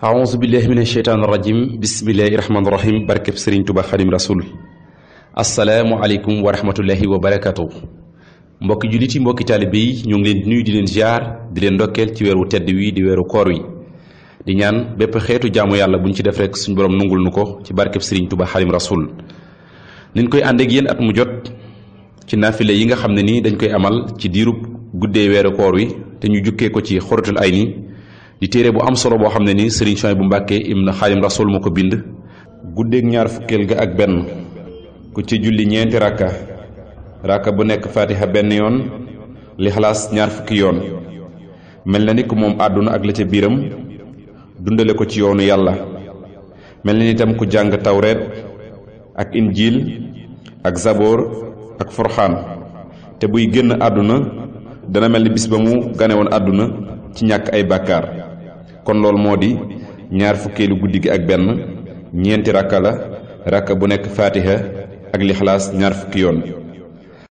aousubillahi min asheytaan irajim bismillahi rahmani rahim barkeb sëriñ tuba xadim rasul asalaamualeykum wa rahmatullahi wa barakatuh mbokki jullit yi mbokki taalibe yi ñoo ngi leen di nuyu di leen ziar di leen ndokkeel ci weeru tedd wi di weeru koor wi di ñaan bépp xeetu jaamu yàlla bu ñu ci def rek suñu borom nungul nu ko ci barkeb sëriñ tuba xadim rasul niñ koy ànd ak yéen at mu jot ci naafile yi nga xam ne nii dañ koy amal ci diirub guddee weeru koor wi te ñu jukkee ko ci xoratul ay di téere bu am solo boo xam ne nii Serigne Souhaïbou Mbacké ibn Xaadim Rasul moo ko bind guddeeg ñaar fukkeel ga ak benn ku ci julli ñeenti rakka rakka bu nekk fatiha benn yoon lixlaas ñaar fukki yoon mel na ni ku moom àdduna ak la ca biiram dundale ko ci yoonu yàlla mel na ni itam ku jàng tawreet ak injiil ak zaboor ak forxaan te buy génn àdduna dana mel ni bis ba mu gane woon àdduna ci ñàkk ay bàkkaar kon loolu moo di ñaar fukkeelu guddi gi ak benn ñeenti rakka la rakka bu nekk faatiha ak lixlaas ñaar fukki yoon